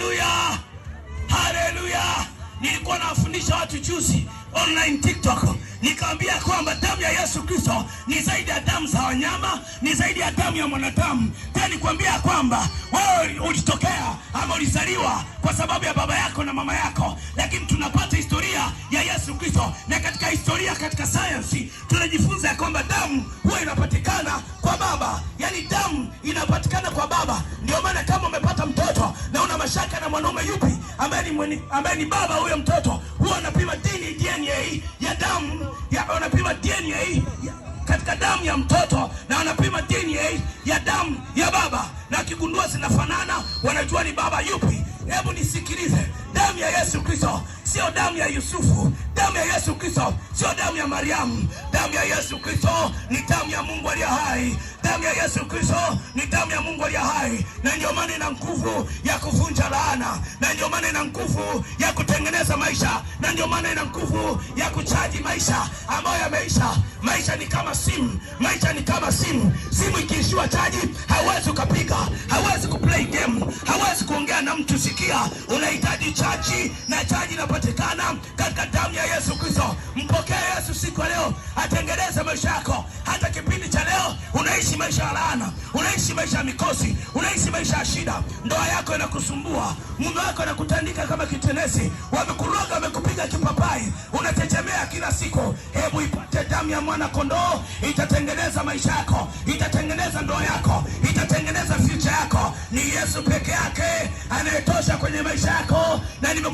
Haleluya, haleluya. Nilikuwa nawafundisha watu juzi online TikTok, nikaambia kwamba damu ya Yesu Kristo ni zaidi ya damu za wanyama, ni zaidi ya damu ya mwanadamu. Tena nikwambia kwamba wewe ulitokea ama ulizaliwa kwa sababu ya baba yako na mama yako, lakini tunapata historia ya Yesu Kristo, na katika historia, katika sayansi tunajifunza ya kwamba damu huwa inapatikana kwa baba, yaani damu inapatikana kwa baba, ndio maana kama mwanaume yupi ambaye ni ambaye ni baba huyo mtoto, huwa anapima dini DNA ya damu ya anapima DNA katika damu ya mtoto na anapima DNA ya damu ya baba, na akigundua zinafanana, wanajua ni baba yupi. Hebu nisikilize, damu ya Yesu Kristo sio damu ya Yusufu damu Kristo, sio damu ya Mariamu. Damu ya Yesu Kristo ni damu ya Mungu aliye hai. Damu ya Yesu Kristo ni damu ya Mungu aliye hai, na ndio maana ina nguvu ya kuvunja laana, na ndio maana ina nguvu ya kutengeneza maisha, na ndio maana ina nguvu ya kuchaji maisha ambayo yameisha. Maisha ni kama simu, maisha ni kama simu. Simu ikiishiwa chaji hauwezi ukapiga kuongea na mtu, sikia, unahitaji chaji na chaji inapatikana katika damu ya Yesu Kristo. Mpokee Yesu siku ya leo, atengeneze maisha yako. Hata kipindi cha leo unaishi maisha ya laana, unaishi maisha ya mikosi, unaishi maisha ya shida, ndoa yako inakusumbua, mume wako anakutandika kama kitenesi, wamekuroga, wamekupiga kipapai, unatetemea kila siku. Hebu ipate damu ya mwana kondoo, itatengeneza maisha yako, itatengeneza ndoa yako ni Yesu peke yake anayetosha kwenye maisha yako na